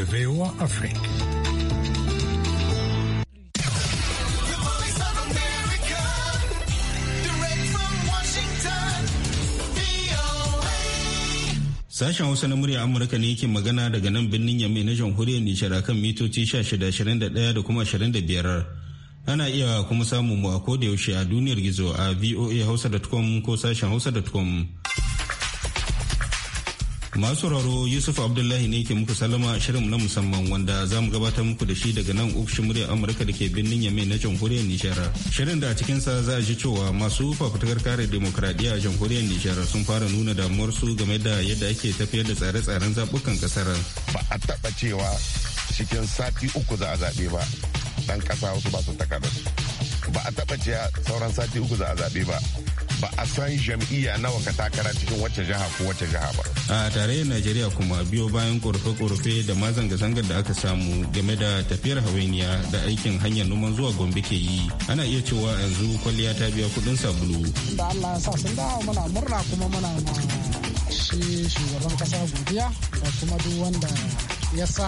de VOA Afrique. Sashen Hausa na murya Amurka ne yake magana daga nan birnin Yamai na jamhuriyar Nishar kan mitoci 1621 da kuma 25. Ana iya kuma samun mu a koda yaushe a duniyar gizo a voahausa.com ko sashen hausa.com. Masu sauraro Yusuf Abdullahi ne ke muku salama shirin na musamman wanda za mu gabatar muku da shi daga nan ofishin muryar Amurka da ke birnin Yamai na jamhuriyar Nijar. Shirin da a cikinsa za a ji cewa masu fafutukar kare demokradiyya a jamhuriyar Nijar sun fara nuna damuwar su game da yadda ake tafiyar da tsare-tsaren zabukan kasar. Ba a taba cewa cikin sati uku za a zaɓe ba dan kasa wasu ba su takardar. Ba a taba cewa sauran sati uku za a zaɓe ba ba a san jam'iyya nawa ka takara cikin wacce jiha ko wacce jiha ba. A tarayyar Najeriya kuma biyo bayan korafe-korafe da ma zanga-zangar da aka samu game da tafiyar hawainiya da aikin hanyar noman zuwa Gombe ke yi. Ana iya cewa yanzu kwalliya ta biya kuɗin sabulu. Da Allah ya sa sun dawo muna murna kuma muna shi shugaban kasa godiya da kuma duk wanda ya sa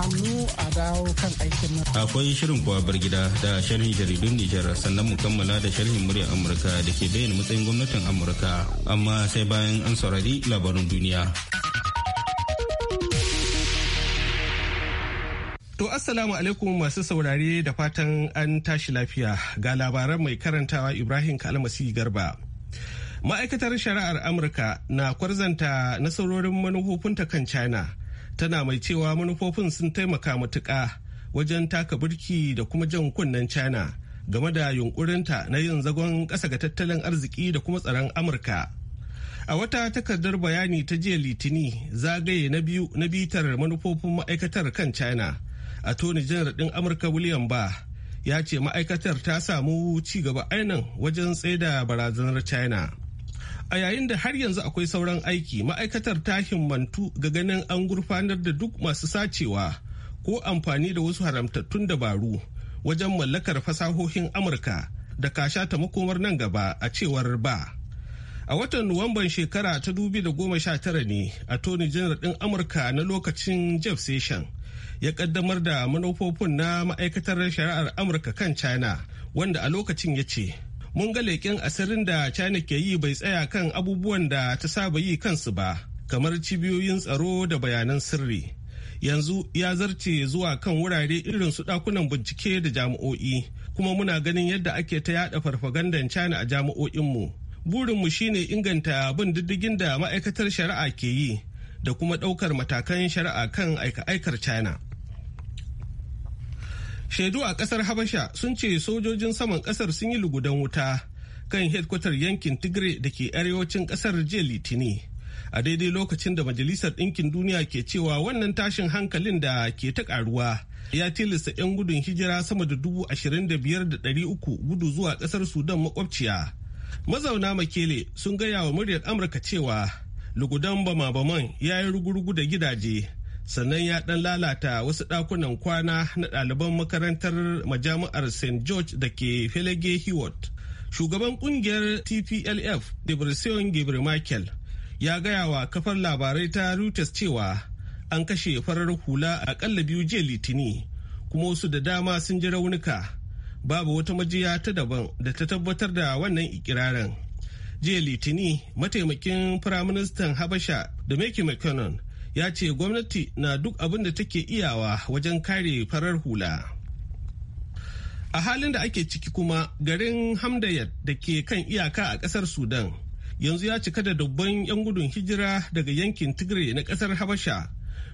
hannu a dawo kan aikin nan. Akwai shirin kuwa gida da sharhin jaridun Nijar sannan mu kammala da sharhin muryar Amurka da ke bayyana matsayin gwamnatin Amurka amma sai bayan an saurari labarin duniya. To assalamu alaikum masu saurare da fatan an tashi lafiya ga labaran mai karantawa Ibrahim Kalmasi Garba. Ma'aikatar shari'ar Amurka na kwarzanta nasarorin manufofinta kan China tana mai cewa manufofin sun taimaka matuka wajen taka birki da kuma jan kunnen china game da yunkurinta na yin zagon ƙasa ga tattalin arziki da kuma tsaron amurka a wata takardar bayani ta jiya litini zagaye na biyu na bitar manufofin ma'aikatar kan china a tony janar ɗin amurka william ba ya ce ma'aikatar ta samu ci gaba ainihin wajen tsaida barazanar china a yayin da har yanzu akwai sauran aiki ma'aikatar ta himmantu ga ganin an gurfanar da duk masu sacewa ko amfani da wasu haramtattun dabaru wajen mallakar fasahohin amurka da kasha ta makomar nan gaba a cewar ba a watan nuwamban shekara ta tara ne a tony general din amurka na lokacin jeff session ya kaddamar da manufofin na ma'aikatar shari'ar amurka kan china wanda a lokacin ya ce mun ga leken asirin da china ke yi bai tsaya kan abubuwan da ta saba yi kansu ba kamar cibiyoyin tsaro da bayanan sirri yanzu ya zarce zuwa kan wurare irin su dakunan bincike da jami'o'i kuma muna ganin yadda ake ta yada farfagandan china a jami'o'inmu burinmu shine inganta bin diddigin da ma'aikatar shari'a ke yi da kuma ɗaukar matakan shari'a kan aika-aikar china shaidu a kasar habasha sun ce sojojin saman kasar sun yi lugudan wuta kan hedkwatar yankin tigray da ke arewacin kasar jiya litini a daidai lokacin da majalisar ɗinkin duniya ke cewa wannan tashin hankalin da ke ta karuwa ya tilasta 'yan gudun hijira sama da dubu ashirin da biyar da ɗari uku gudu zuwa ƙasar sudan makwabciya mazauna makele sun gaya wa muryar amurka cewa lugudan bama-baman ya yi rugurugu da gidaje sannan ya ɗan lalata wasu dakunan kwana na ɗaliban makarantar majami'ar st george da ke felage hewitt shugaban kungiyar tplf debrecen gabriel michael ya gaya wa kafar labarai ta reuters cewa an kashe farar hula akalla biyu jiya litini kuma wasu da dama sun ji raunuka babu wata majiya ta daban da ta tabbatar da wannan ikirarin jiya litini mataimakin firaministan habasha da Mekin mcconnell ya ce gwamnati na duk abin da take iyawa wajen kare farar hula. A halin da ake ciki kuma garin Hamdayat da ke kan iyaka a ƙasar Sudan yanzu ya cika da dubban 'yan gudun hijira daga yankin Tigray na ƙasar Habasha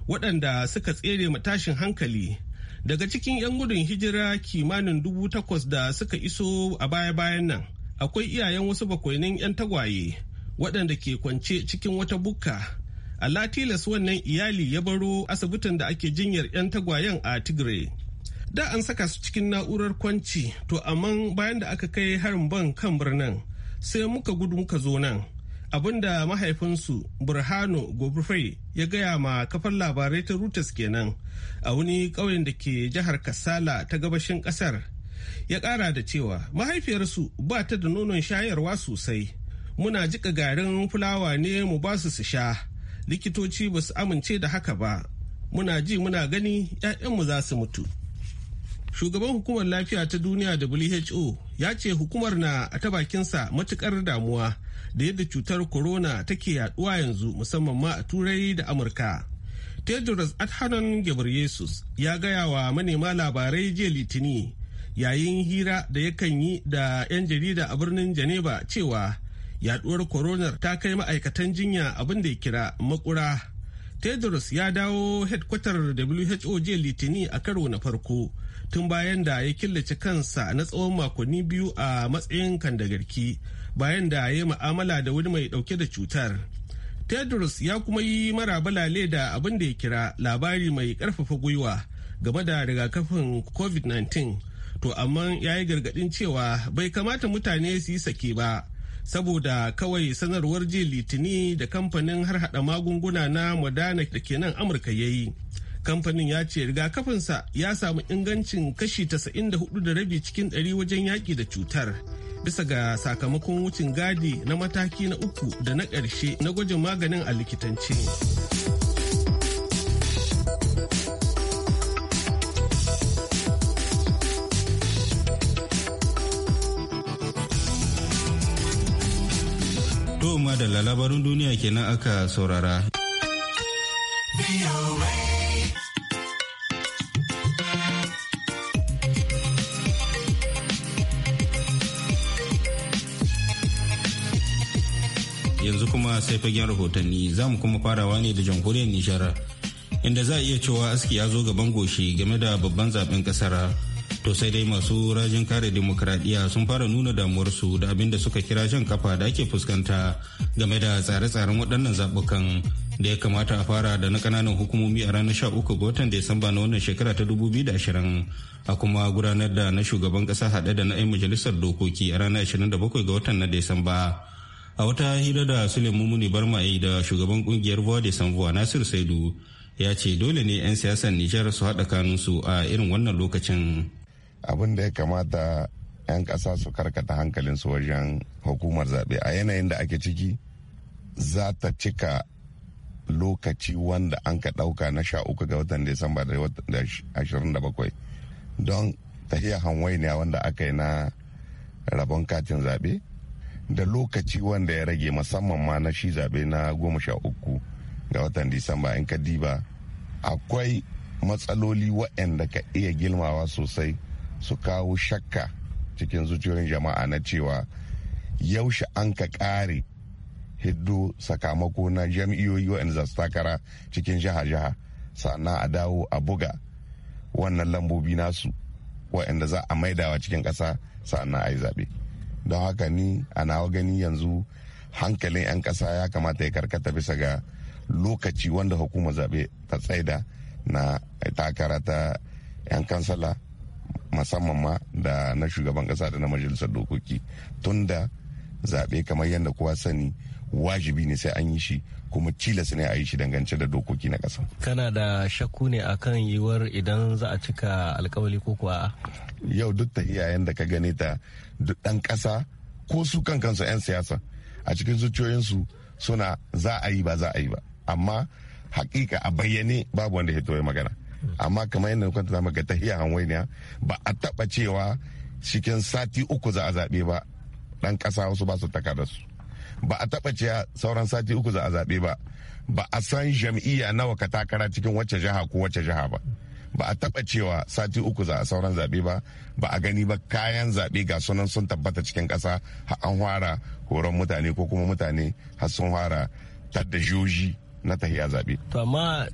waɗanda suka tsere matashin hankali. Daga cikin 'yan gudun hijira kimanin dubu takwas da suka iso a baya-bayan nan akwai iyayen wasu bakwainin 'yan tagwaye waɗanda ke kwance cikin wata bukka Allah tilas wannan iyali ya baro asibitin da ake jinyar 'yan tagwayen a Tigray. Da an saka su cikin na'urar kwanci, to amma bayan da aka kai harin ban kan birnin sai muka gudu muka zo nan. da mahaifinsu Burhano Gobrufai ya gaya ma kafar labarai ta rutas kenan a wani ƙauyen da ke jihar kasala ta gabashin ƙasar. Ya ƙara da cewa mahaifiyarsu ba ta da nonon shayarwa sosai. Muna jika garin fulawa ne mu basu su sha. likitoci ba su amince da haka ba muna ji muna gani 'ya'yanmu za su mutu shugaban hukumar lafiya ta duniya who ya ce hukumar na ta bakinsa matukar damuwa da yadda cutar corona take yaduwa yanzu musamman ma a turai da amurka tedros adhanom ghebreyesus ya gaya wa manema labarai jiya litini yayin hira da yakan yi da 'yan jarida a birnin geneva cewa yaduwar coronar ta kai ma'aikatan jinya abin da ya kira makura tedros ya dawo hedkwatar who jiya litini a karo na farko tun bayan da ya killace kansa na tsawon makonni biyu a matsayin kandagarki bayan da ya yi ma'amala da wani mai dauke da cutar tedros ya kuma yi mara balale da abin da ya kira labari mai karfafa gwiwa game da rigakafin covid-19 to amma ya yi gargadin cewa bai kamata mutane su yi sake ba saboda kawai sanarwar jiya litini da kamfanin har harhaɗa magunguna na Moderna da ke nan Amurka ya yi. Kamfanin ya ce rigakafinsa ya samu ingancin kashi da rabi cikin 100 wajen yaki da cutar. Bisa ga sakamakon wucin gadi na mataki na uku da na ƙarshe na gwajin maganin a likitance. u-ma da labarin duniya kenan aka saurara. Yanzu kuma sai fagen rahotanni za mu kuma farawa ne da jamhuriyar Nijar inda za a iya cewa aski ya zo gaban goshi game da babban zaben kasara. to sai dai masu rajin kare demokradiyya sun fara nuna damuwarsu da abin da suka kira shan kafa da ake fuskanta game da tsare-tsaren waɗannan zaɓukan da ya kamata a fara da na kananan hukumomi a ranar 13 ga watan Desamba na wannan shekara ta 2020 a kuma gudanar da na shugaban ƙasa haɗe da na 'yan majalisar dokoki a ranar 27 ga watan na Desamba. A wata hira da Suleiman Mumuni Barma da shugaban kungiyar Voix de Sanvoix Nasir Saidu ya ce dole ne 'yan siyasar Nijar su haɗa kanunsu a irin wannan lokacin. abin da ya kamata 'yan ƙasa su karkata hankalin su wajen hukumar zaɓe a yanayin da ake ciki za ta cika lokaci wanda an ka ɗauka na sha uku ga watan Disamba da ashirin da bakwai don tahiya hanwainiya wanda aka yi na rabon katin zaɓe da lokaci wanda ya rage musamman ma na shi zaɓe na goma sha uku ga watan Disamba in ka diba akwai matsaloli waɗanda ka iya gilmawa sosai su kawo shakka cikin zuciyoyin jama'a na cewa yaushe an ka kare hiddo sakamako na jam'iyyoyi waɗanda za su takara cikin jiha-jiha sannan a dawo a buga wannan lambobi nasu waɗanda za a maidawa cikin ƙasa sannan a yi zaɓe don haka ni a nawa gani yanzu hankalin 'yan ƙasa ya kamata ya karkata bisa ga lokaci wanda hukumar zaɓe ta tsaida na takara ta 'yan kansala musamman ma da na shugaban kasa da na majalisar dokoki tunda zaɓe kamar yadda kowa sani wajibi ne sai an yi shi kuma tilas ne a yi shi dangance da dokoki na kasa. kana da shakku ne a kan yiwuwar idan za a cika alkawali ko kuwa yau duk ta iyayen da ka gane ta duk ɗan ƙasa ko su kan kansu 'yan siyasa a cikin zuciyoyinsu suna za a yi ba za a yi ba amma hakika a bayyane babu wanda ya magana amma kamar yadda kwanta zama ga tahiya hanwainiya ba a taba cewa cikin sati uku za a zaɓe ba ɗan ƙasa wasu ba su su ba a taba cewa sauran sati uku za a zaɓe ba ba a san jam'iyya nawa ka takara cikin wacce jiha ko wacce jiha ba ba a taba cewa sati uku za a sauran zaɓe ba ba a gani ba kayan zaɓe ga sunan sun tabbata cikin ƙasa har an fara horon mutane ko kuma mutane har sun fara tadda na tahiya zaɓe. To amma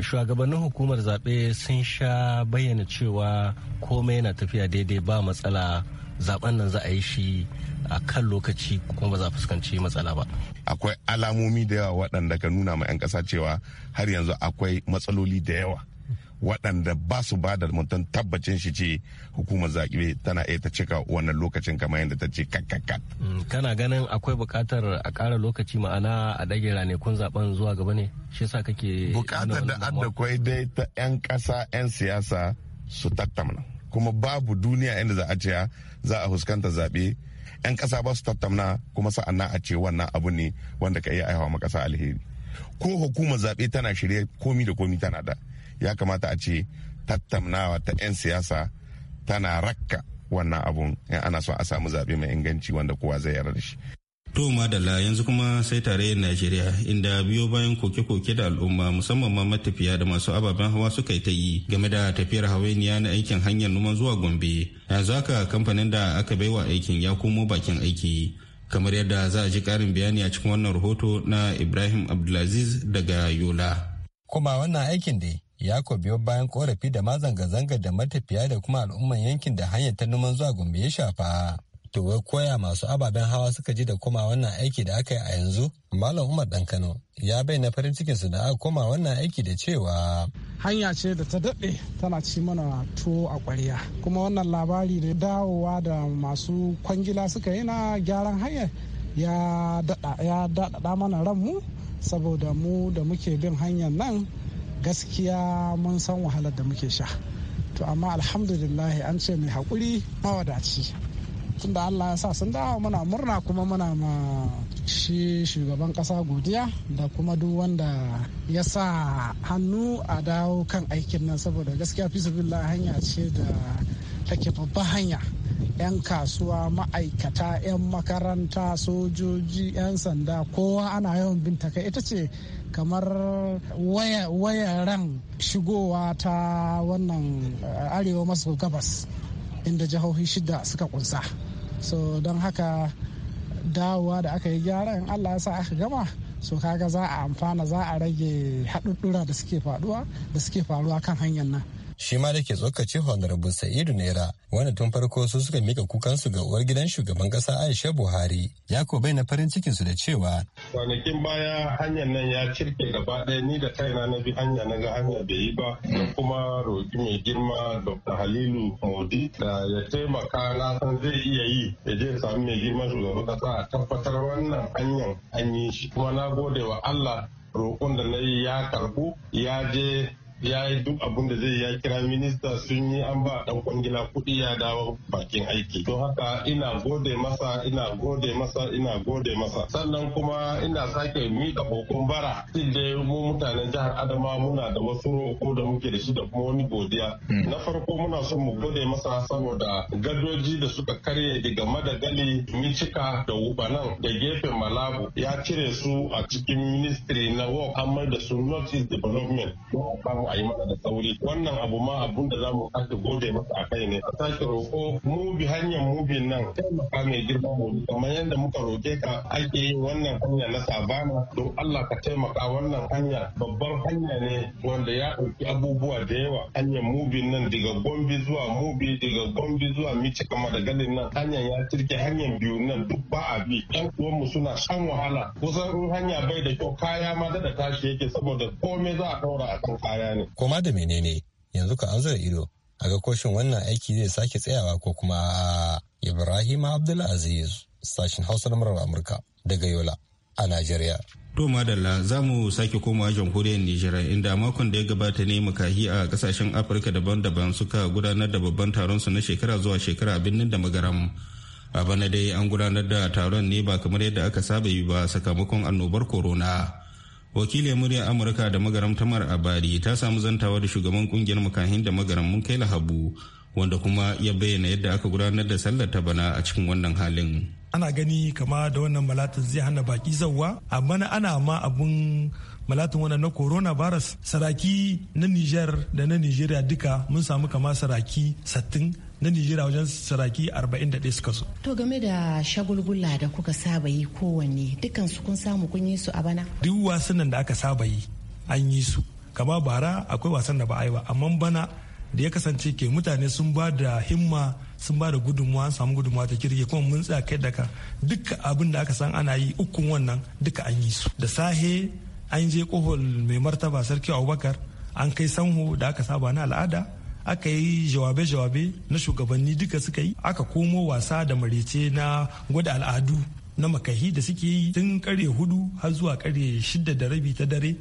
shugabannin hukumar zaɓe sun sha bayyana cewa komai yana tafiya daidai ba matsala zaɓen nan za a yi shi a kan lokaci kuma ba za a fuskanci matsala ba. Akwai alamomi da yawa waɗanda ka nuna ma 'yan ƙasa cewa har yanzu akwai matsaloli da yawa waɗanda ba su ba da mutum tabbacin shi ce hukumar zaɓe tana iya ta cika wannan lokacin kamar yadda ta ce kakakat. Mm, kana ganin akwai buƙatar a ƙara lokaci ma'ana a ɗage ranakun zaɓen zuwa gaba ne shi yasa kake buƙatar da adda kwai dai ta 'yan ƙasa 'yan siyasa su tattamna kuma babu duniya inda za a ce za a fuskanta zaɓe 'yan ƙasa ba su tattamna kuma na a ce wannan abu ne wanda ka iya aihawa ma ƙasa alheri ko hukumar zaɓe tana shirya komi da komi tana da ya kamata a ce tattaunawa ta 'yan siyasa tana rakka wannan abun in ana so a samu zaɓe mai inganci wanda kowa zai yarda da shi. To madalla yanzu kuma sai tarayyar Najeriya inda biyo bayan koke-koke da al'umma musamman ma matafiya da masu ababen hawa suka yi ta yi game da tafiyar hawainiya na aikin hanyar numan zuwa Gombe. Yanzu haka kamfanin da aka baiwa aikin ya komo bakin aiki. Kamar yadda za a ji karin bayani a cikin wannan rahoto na Ibrahim Abdulaziz daga Yola. Kuma wannan aikin dai ya bayan korafi da ma zanga-zanga da matafiya da kuma al'umman yankin da hanyar ta numan zuwa gombe ya shafa to wai koya masu ababen hawa suka ji da koma wannan aiki da aka yi a yanzu malam umar dan kano ya bayyana farin cikin su da aka koma wannan aiki da cewa hanya ce da ta daɗe tana ci mana tuwo a ƙwarya kuma wannan labari da dawowa da masu kwangila suka yi na gyaran hanyar ya daɗaɗa mana ran mu saboda mu da muke bin hanyar nan gaskiya mun san wahalar da muke sha to amma alhamdulillah an ce mai haƙuri mawadaci tunda allah ya sa sun dawo muna murna kuma muna ma shi shugaban ƙasa godiya da kuma duk wanda ya sa hannu a dawo kan aikin nan saboda gaskiya fi hanya ce da take babban hanya 'yan kasuwa ma'aikata 'yan makaranta sojoji 'yan sanda kowa ana yawan bin kai ita ce kamar wayaran shigowa ta wannan eh, arewa maso gabas inda jihohi shida suka kunsa so don haka dawowa da aka yi gyara in allah ya sa aka gama so kaga za a amfana za a rage haɗuɗɗura da suke faruwa da suke faruwa kan hanyar nan shi ma da ke tsokaci honorable sa'idu naira wanda tun farko su suka mika kukansu ga uwar gidan shugaban kasa aisha buhari ya ko na farin cikin su da cewa kwanakin baya hanyar nan ya cirke gaba ɗaya ni da kaina na bi hanya na ga hanya da yi ba da mm. kuma roƙi mai girma dr halilu Maudi da ya taimaka na san zai iya yi ya je sami mai girma shugaban kasa a tabbatar wannan hanyar an yi shi kuma na gode wa allah roƙon da na yi ya karbu ya je ya yi duk abin da zai ya kira minista sun yi an ba dan kwangila kuɗi ya dawo bakin aiki don haka ina gode masa ina gode masa ina gode masa sannan kuma ina sake mika hukun bara duk da mu mutanen jihar adama muna da wasu roƙo da muke da shi da kuma wani godiya hmm. na farko muna son mu gode masa saboda gadoji da suka karye daga madagali micika da wubanan da gefen malabu ya cire su a cikin ministry na work an mai da su north development a yi masa da sauri wannan abu ma abun da zamu sake gode masa a kai ne a sake roƙo mu bi hanyar mu nan taimaka mai girma mu kamar yadda muka roƙe ka ake yin wannan hanya na sabana don Allah ka taimaka wannan hanya babbar hanya ne wanda ya ɗauki abubuwa da yawa hanyar mubin nan daga gombe zuwa mubi daga gombe zuwa mici kama da galin nan hanyar ya cirke hanyar biyu nan duk ba a bi ɗan mu suna shan wahala kusan in hanya bai da kyau kaya ma da tashi yake saboda komai za a ɗaura a kan kaya ne Koma da menene yanzu ka an da ido a ga koshin wannan aiki zai sake tsayawa ko kuma Ibrahim Abdulaziz sashen Hausa na murar Amurka daga Yola a Najeriya. To madalla za mu sake komawa jamhuriyar Nijar inda makon da ya gabata ne makahi a kasashen Afirka daban-daban suka gudanar da babban taron su na shekara zuwa shekara birnin da magaram. A bana dai an gudanar da taron ne ba kamar yadda aka saba yi ba sakamakon annobar corona. wakilin muryar amurka da magaram tamar abari ta samu zantawa da shugaban kungiyar makahin da magaram mun kai lahabu wanda kuma ya bayyana yadda aka gudanar da sallar ta bana a cikin wannan halin ana gani kama da wannan malatin zai hana baki zauwa amma ana ma abun malatin wannan na corona virus saraki na niger da na nigeria duka mun samu kama saraki sattin na nigeria wajen saraki 41 suka so. To game da shagulgula da kuka saba yi kowanne dukkan su kun samu kun yi su a bana? Duk wasannin da aka saba yi an yi su. Kama bara akwai wasan da ba a yi ba amma bana da ya kasance ke mutane sun ba da himma sun ba da gudunmuwa an samu gudunmuwa ta kirge kuma mun tsaya kai daga duka abin da aka san ana yi ukun wannan duka an yi su da sahe an je kohol mai martaba sarki abubakar an kai sanho da aka saba na al'ada aka yi jawabe-jawabe na shugabanni duka suka yi aka komo wasa da marece na gwada al'adu na makahi da suke yi tun kare hudu har zuwa kare shida da rabi ta dare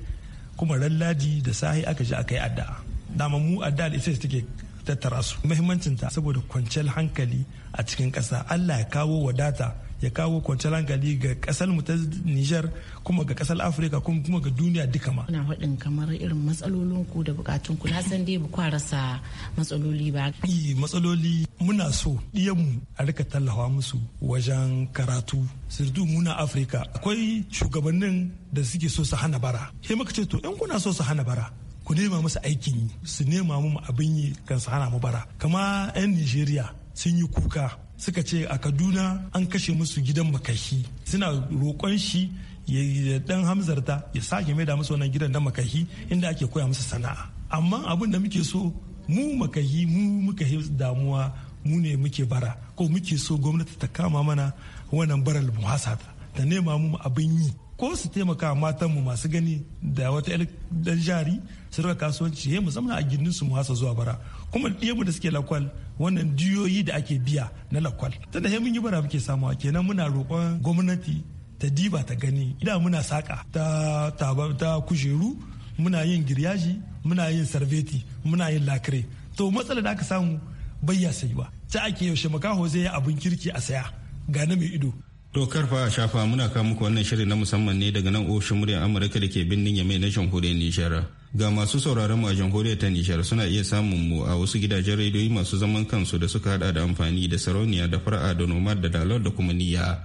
kuma ran da sahi aka ji aka yi addu'a dama mu addu'a ita take tattara su muhimmancinta saboda kwanciyar hankali a cikin ƙasa allah ya kawo wadata ya kawo kwanciyar hankali ga kasar mu ta Nijar kuma ga kasar Afirka kuma ga duniya duka ma. Kuna faɗin kamar irin matsalolin ku da bukatun ku na san dai ba rasa matsaloli ba. Eh matsaloli muna so mu a rika tallafa musu wajen karatu sirdu muna Afirka akwai shugabannin da suke so su hana bara. Sai maka ce to in kuna so su hana bara ku nema musu aikin yi su nema mu abin yi kan su hana mu bara kama 'yan Nijeriya sun yi kuka suka ce a kaduna an kashe musu gidan makahi suna roƙon shi ya dan hamzarta ya sake maida musu wannan gidan da makahi inda ake koya musu sana'a amma abin da muke so mu makahi mu muka damuwa mu ne muke bara ko muke so gwamnati ta kama mana wannan baral muhasata ta nema mu abin yi ko su taimaka matan mu masu gani da wata dan jari su rika kasuwanci ya mu a gindin su muhasa zuwa bara kuma ɗiyanmu da suke lakwal wannan diyoyi da ake biya na lakwal tunda mun yi bara muke samuwa kenan muna roƙon gwamnati ta diba ta gani idan muna saƙa ta kujeru muna yin giryaji muna yin sarveti muna yin lakire to matsalar da aka samu bayya sai ba ta ake yaushe makaho zai yi abin kirki a saya gane mai ido To fa shafa muna kawo muku wannan shirin na musamman ne daga nan ofishin muryar Amurka da ke birnin Yamai na jamhuriyar Nijar. Ga masu sauraron mu a jamhuriyar ta Nishar suna iya samun mu a wasu gidajen rediyoyi masu zaman kansu da suka hada da amfani da sarauniya da fara'a da noma da dalar da kuma niyya.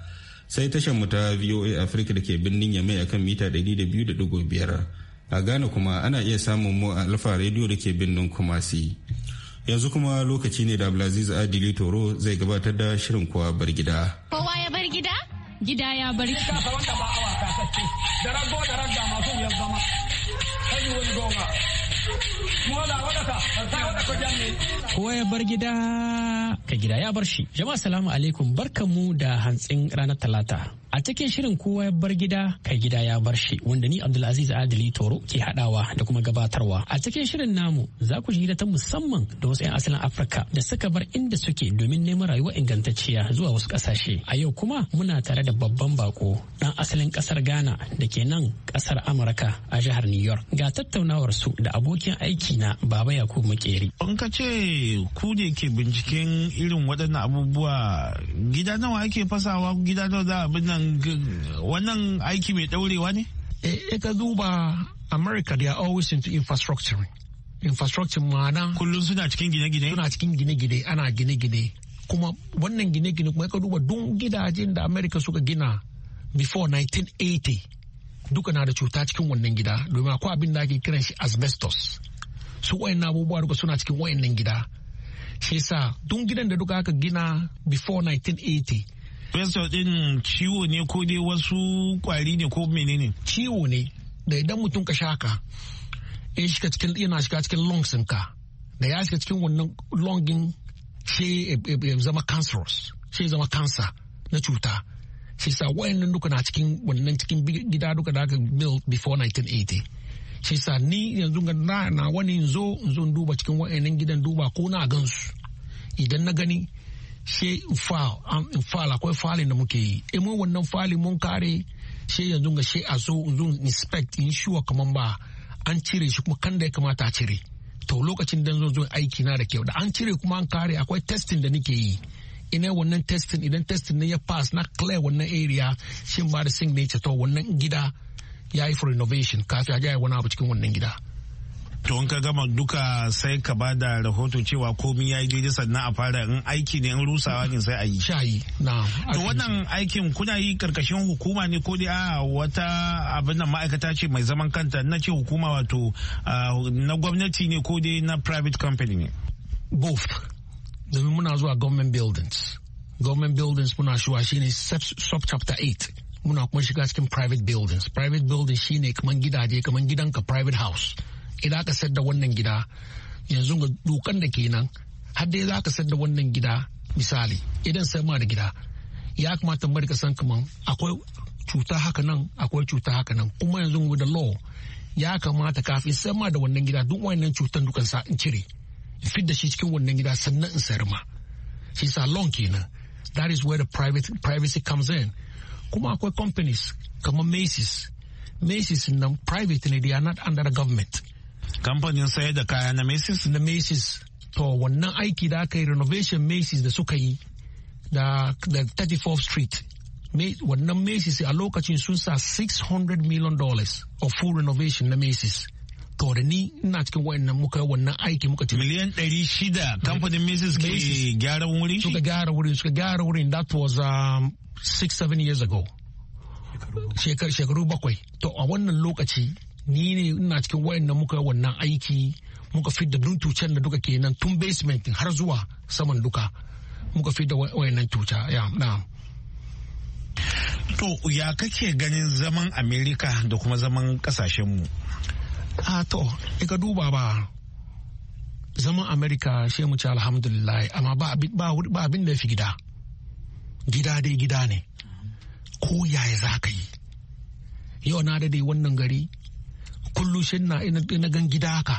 Sai tashar mu ta VOA Africa da ke birnin Yamai akan mita 200.5. A Ghana kuma ana iya samun mu a Alfa rediyo da ke birnin Kumasi. Yanzu kuma lokaci ne da Abdulaziz Adili Toro zai gabatar da shirin kowa bar gida. Kowa ya bar gida? Gida ya bar gida. Kowa ya bar gida ka gida ya bar shi. Jama'a salamu alaikum barkamu da hantsin ranar talata. A cikin shirin kowa ya bar gida kai gida ya bar shi wanda ni Abdulaziz Adili Toro ke hadawa da kuma gabatarwa. A cikin shirin namu za ku ji ta musamman da wasu 'yan asalin Afirka da suka bar inda suke domin neman rayuwa ingantacciya zuwa wasu kasashe. A yau kuma muna tare da babban bako dan asalin kasar Ghana da ke nan kasar Amurka a jihar New York. Ga tattaunawar su da abokin aiki na Baba Yakubu Makeri. In ka ce ku ne ke binciken irin waɗannan abubuwa gida nawa ake fasawa gida nawa za a nan wannan aiki mai daurewa ne? e ka duba America they are always into infrastructure. Infrastructure ma'ana. Kullum suna cikin gine-gine? Suna cikin gine-gine ana gine-gine. Kuma wannan gine-gine kuma ka duba don gidajen da America suka gina before 1980 duka na da cuta cikin wannan gida domin akwai abin da ake kiran shi asbestos. Su wayannan abubuwa duka suna cikin wayannan gida. Shi yasa don gidan da duka aka gina before 1980 Festa din ciwo ne ko dai wasu kwari ne ko menene? Ciwo ne da idan mutum ka sha ka. ya shiga cikin yana shiga cikin lungs ka da ya shiga cikin wannan lungin shi ya zama cancerous shi zama cancer na cuta shi sa wayannan duka na cikin wannan cikin gida duka da aka build before 1980 shi sa ni yanzu ga na wani yanzu zo duba cikin wayannan gidan duba ko na gansu idan na gani she fal akwai falin da muke yi in e, mun wannan falin mun kare she yanzu ga she a zo zo inspect in shiwa kaman ba an cire shi kuma kan da ya kamata a cire to lokacin dan zo zo aiki na da kyau da an cire kuma an kare akwai testing da nake yi ina wannan testing idan testing ne ya pass na clear wannan area shin ba da signature to wannan gida ya yi for renovation kafin a ga wani abu cikin wannan gida to in ka gama duka sai ka ba da rahoto cewa komi ya yi daidai sannan a fara in aiki ne in rusawa ne sai a yi shayi na to wannan aikin kuna yi karkashin hukuma ne ko dai a wata abin da ma'aikata ce mai zaman kanta na ce hukuma wato ah, na gwamnati ne ko dai na private company ne both domin muna zuwa government buildings government buildings muna shuwa shine sub chapter 8 muna kuma shiga cikin private buildings private buildings shine kaman gidaje kaman gidanka private house idan ka sayar da wannan gida yanzu ga dokan da kenan har dai za ka sayar da wannan gida misali idan sai ma da gida ya kamata mu rika san kaman akwai cuta haka nan akwai cuta haka nan kuma yanzu da law ya kamata kafin sai ma da wannan gida duk wannan cutan dukan sa in cire in fit da shi cikin wannan gida sannan in sayar ma shi sa loan kenan that is where the private privacy comes in kuma akwai companies kamar Macy's Macy's nan private ne they are not under the government kamfanin sayar da kaya na Macy's? Na Macy's. To wannan aiki da aka yi renovation Macy's da suka yi da 34th Street. Wannan Macy's a lokacin sun sa 600 million dollars of full renovation na Macy's. To da ni ina cikin wayannan muka yi wannan aiki muka ce. Miliyan ɗari shida kamfanin Macy's ke gyara wurin shi? Suka gyara wurin suka gyara wurin that was um, six seven years ago. Shekaru bakwai. To a wannan lokaci ni ne ina cikin waɗanda muka wannan aiki muka fi dun tucen da duka kenan tun basement har zuwa saman duka muka fidda wayannan tuca ya na to ya kake ganin zaman america da kuma zaman kasashenmu a to ka duba ba zaman america shi mu ci alhamdulillah amma ba abin da ya fi gida gida dai gida ne ko yaya za ka yi yau na dade wannan gari kullu shi na ina gan gida haka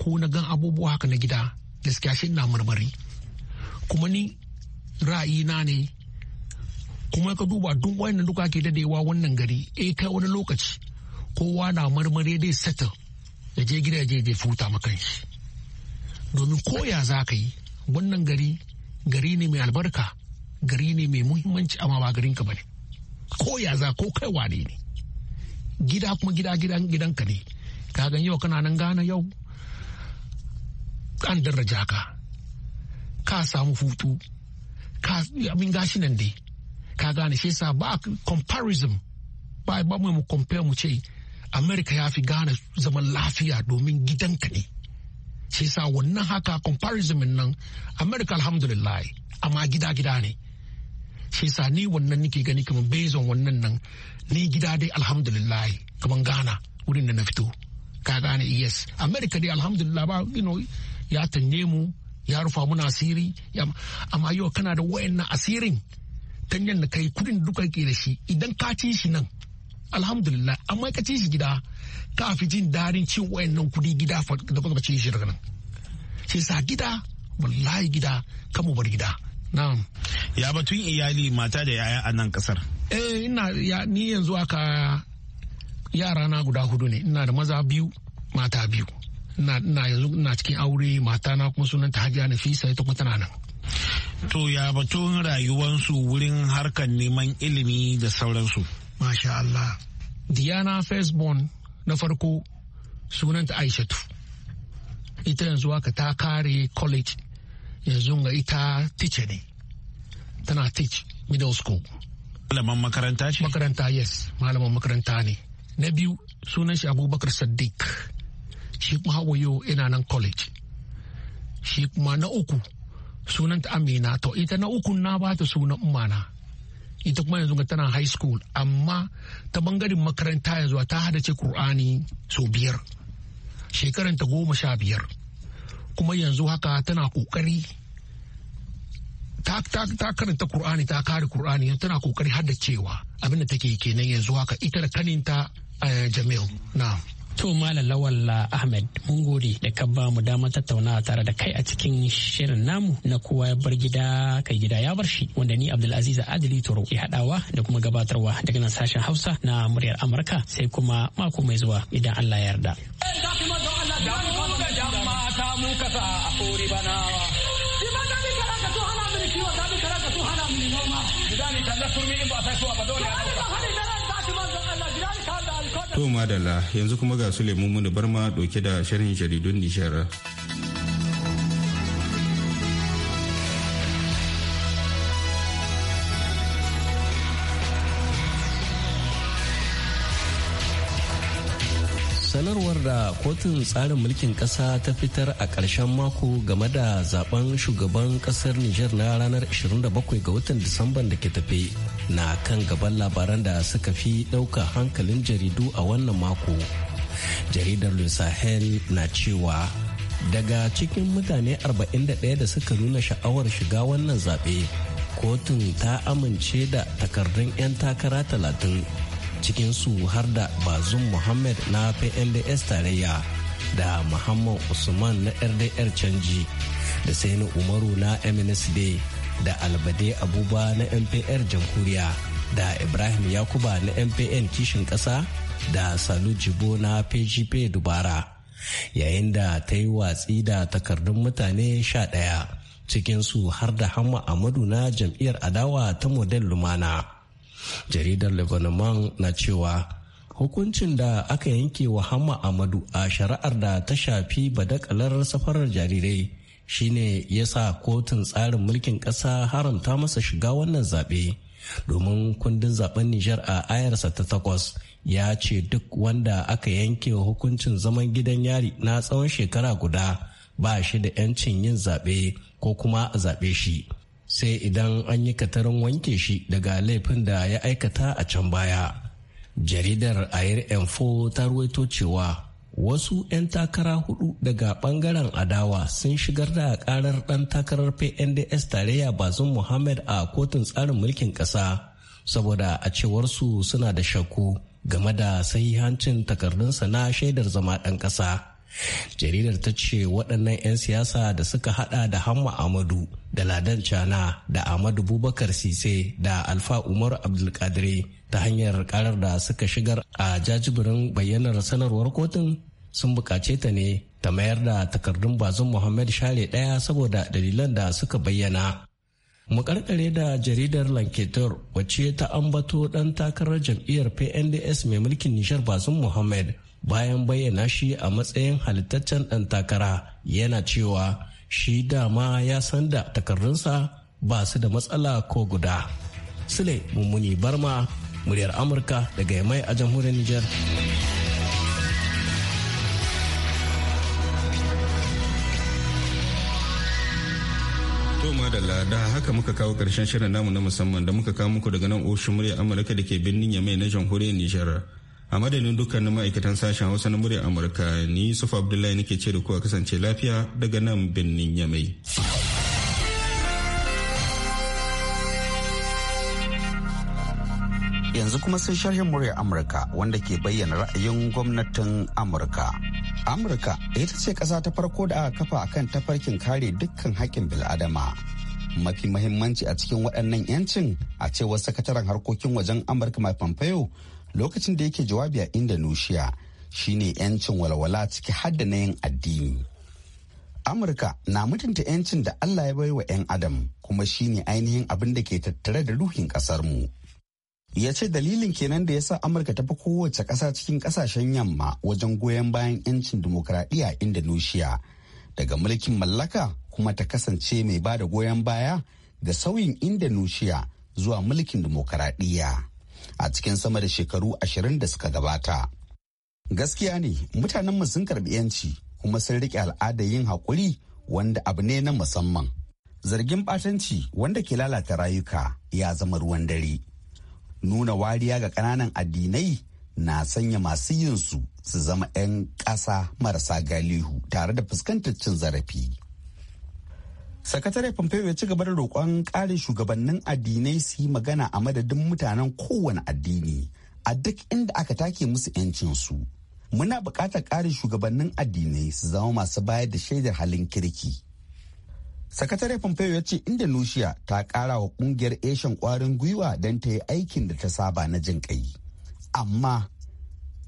ko na gan abubuwa haka na gida gaskiya shi na marmari kuma ni ra'ayi na ne kuma ka duba duk wannan duka ke dadewa wannan gari eh kai wani lokaci kowa na marmari dai sata ya je gida je je futa maka shi domin koya za ka yi wannan gari gari ne mai albarka gari ne mai muhimmanci amma ba garin ka bane koya za ko kai wane ne gida kuma gida gidan ka ne ka gan yau kana nan gane yau an daraja ka ka samu hutu ka abin gashi nan dai ka gane shi yasa ba comparison ba ba mu mu compare mu ce America ya fi gane zaman lafiya domin gidanka ne shi yasa wannan haka comparison nan America alhamdulillah amma gida gida ne shi yasa ni wannan nake gani kamar bezon wannan nan ni gida dai alhamdulillah kamar Ghana wurin da na fito ka gane yes america dai alhamdulillah ba you know ya tanye mu ya rufa muna asiri amma yau kana da wayannan asirin tan yadda kai kudin duka ke da shi idan ka ci shi nan alhamdulillah amma ka ci shi gida ka fi jin daɗin cin wayannan kudi gida da kuma ci shi daga nan sai sa gida wallahi gida kamu bar gida na'am ya batun iyali mata da yaya a nan kasar eh ina ni yanzu aka yara na guda hudu ne ina da maza biyu mata biyu na yanzu ina cikin aure mata na kuma sunanta hajiya nafisa ita kuma tana nan to ya batun rayuwansu wurin harkar neman ilimi da sauransu masha Allah diana firstborn na farko sunanta aishatu ita yanzu haka ta kare college yanzu ga ita teacher ne tana teach middle school malaman makaranta ce makaranta yes malaman makaranta ne na biyu sunan shi abubakar sadiq shi kuma hawayo ina nan college shi kuma na uku sunanta amina to ita na uku na ba ta sunan umana ita kuma yanzu tana high school amma ta bangaren makaranta yanzu ta ce kur'ani sau biyar shekaranta goma sha biyar kuma yanzu haka tana kokari ta ta karanta Kur'ani ta kare Kur'ani yanzu tana kokari hada cewa abin da take kenan yanzu haka ita da kaninta Jamil na To Malam Lawalla Ahmed mun gode da ka ba mu damar tattaunawa tare da kai a cikin shirin namu na kowa ya bar gida kai gida ya bar shi wanda ni Abdulaziz Adili Toro ke hadawa da kuma gabatarwa daga nan sashen Hausa na muryar Amurka sai kuma mako mai zuwa idan Allah ya yarda. shi ma gani kara hana mini kiwa ta kara ka so hana mini noma gidani kan da turmi in ba sai suwa ba dole ya ba hali da ta ci manzon Allah gidani kan da to madalla yanzu kuma ga Suleiman bar Barma doke da shirin jaridun Nishara da kotun tsarin mulkin kasa ta fitar a ƙarshen mako game da zaben shugaban ƙasar Nijar na ranar 27 ga watan Disamban da ke tafe na kan gaban labaran da suka fi ɗauka hankalin jaridu a wannan mako. Jaridar Le na cewa daga cikin mutane 41 da suka nuna sha'awar shiga wannan zaɓe, kotun ta amince da takardun 'yan takara talatin. cikin su har da bazum muhammad na plds tarayya da muhammad usman na rdr canji da na umaru na mnsd da albade abuba na mpr jamhuriya da ibrahim yakuba na mpn kishin kasa da salu jibo na pgp dubara yayin da ta yi watsi da takardun mutane sha ɗaya cikinsu har da hamma amadu na jam'iyyar adawa ta model lumana jaridar lebanon na cewa hukuncin da aka yanke wa hamma amadu a shari'ar da ta shafi badakalar safarar jarirai shine ya sa kotun tsarin mulkin ƙasa haramta masa shiga wannan zaɓe domin kundin zaben nijar a ayarsa ta takwas ya ce duk wanda aka yanke wa hukuncin zaman gidan yari na tsawon shekara guda ba shi da 'yancin yin zaɓe ko kuma a zaɓe shi sai idan an yi katarin wanke shi daga laifin da ya aikata a can baya. Jaridar Air 4 ta ruwaito cewa wasu 'yan takara hudu daga bangaren adawa sun shigar da karar dan takarar PNDS tarayya bazin Muhammad a kotun tsarin mulkin kasa saboda a cewarsu suna da shakku game da sahihancin takardunsa na shaidar zama ɗan ƙasa. Jaridar ta ce waɗannan 'yan siyasa da suka hada da Hamma Amadu da Ladan Cana da Ahmadu Bubakar Sise da Alfa Umar Abdulkadiri ta hanyar karar da suka shigar a jajibirin bayyanar sanarwar kotun sun bukace ta ne ta mayar da takardun bazin Muhammad Share ɗaya saboda dalilan da suka bayyana. Mukarkare da jaridar Lanketor wacce ta ambato ɗan takarar jam'iyyar PNDS mai mulkin Nishar Bazin Muhammad bayan bayyana shi a matsayin halittaccen ɗan takara yana cewa shi dama ya san da takardunsa ba su da matsala ko guda. Sule Mummuni Barma, muryar Amurka daga Yamai a jamhuriyar Nijar. madalla da haka muka kawo karshen shirin namu na musamman da muka kawo muku daga nan oshin murya amurka da ke birnin yamai na jamhuriyar nijar a madadin dukkanin ma'aikatan sashen hausa na muryar amurka ni sufa abdullahi nake ce da kowa kasance lafiya daga nan birnin yamai yanzu kuma sun sharhin muryar amurka wanda ke bayyana ra'ayin gwamnatin amurka amurka ita ce ƙasa ta farko da aka kafa akan tafarkin kare dukkan haƙƙin bil'adama mafi mahimmanci a cikin waɗannan 'yancin a cewar sakataren harkokin wajen amurka mai pompeo lokacin da yake jawabi a indonesia shine 'yancin walwala ciki har da na yin addini amurka na mutunta 'yancin da allah ya baiwa 'yan adam kuma shine ainihin abin da ke tattare da ruhin mu. ya ce dalilin kenan da ya sa amurka ta fi kowace ƙasa cikin ƙasashen yamma wajen goyon bayan 'yancin dimokuraɗiyya a indonesia daga mulkin mallaka kuma ta kasance mai ba da goyon baya da sauyin indonesia zuwa mulkin dimokuraɗiyya a cikin sama da shekaru ashirin da suka gabata. Gaskiya ne mutanen mu sun karbi 'yanci kuma sun riƙe al'adar yin haƙuri wanda abu ne na musamman. Zargin ɓatanci wanda ke lalata rayuka ya zama ruwan dare. Nuna wariya ga ƙananan addinai na sanya masu yin su su zama 'yan ƙasa marasa galihu tare da fuskantar cin zarafi. sakatare pompeo ya ci gaba da roƙon ƙarin shugabannin addinai su yi magana a madadin mutanen kowane addini a duk inda aka take musu 'yancinsu muna buƙatar ƙarin shugabannin addinai su zama masu bayar da shaidar halin kirki sakatare pompeo ya ce indonesia ta ƙara wa ƙungiyar asian ƙwarin gwiwa don ta yi aikin da ta saba na jin ƙai amma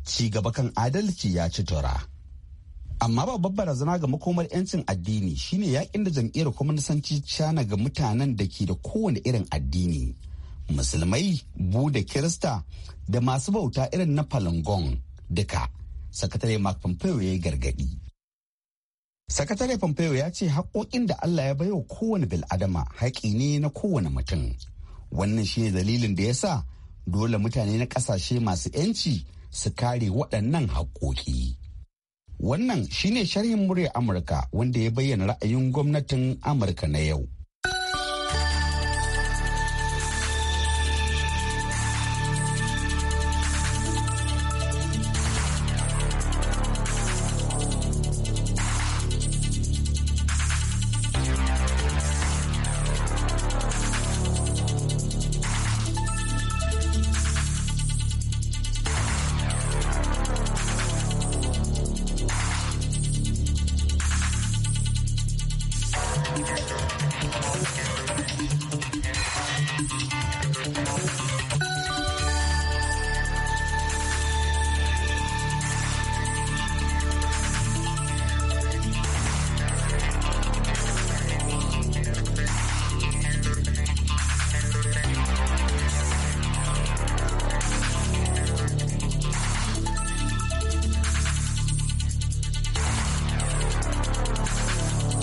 ci gaba kan adalci ya ci tura. amma babbar barazana ga makomar 'yancin addini shine yakin da jam'iyyar kwamnisanci cana ga mutanen da ke da kowane irin addini musulmai buda kirista da masu bauta irin na falangon duka sakatare mark pompeo ya yi gargadi sakatare pompeo ya ce haƙoƙin da allah ya baiwa kowane bil'adama haƙi ne na kowane mutum wannan shine dalilin da ya sa dole mutane na ƙasashe masu 'yanci su kare waɗannan haƙoƙi. Wannan shine sharhin murya Amurka wanda ya bayyana ra'ayin gwamnatin Amurka na yau.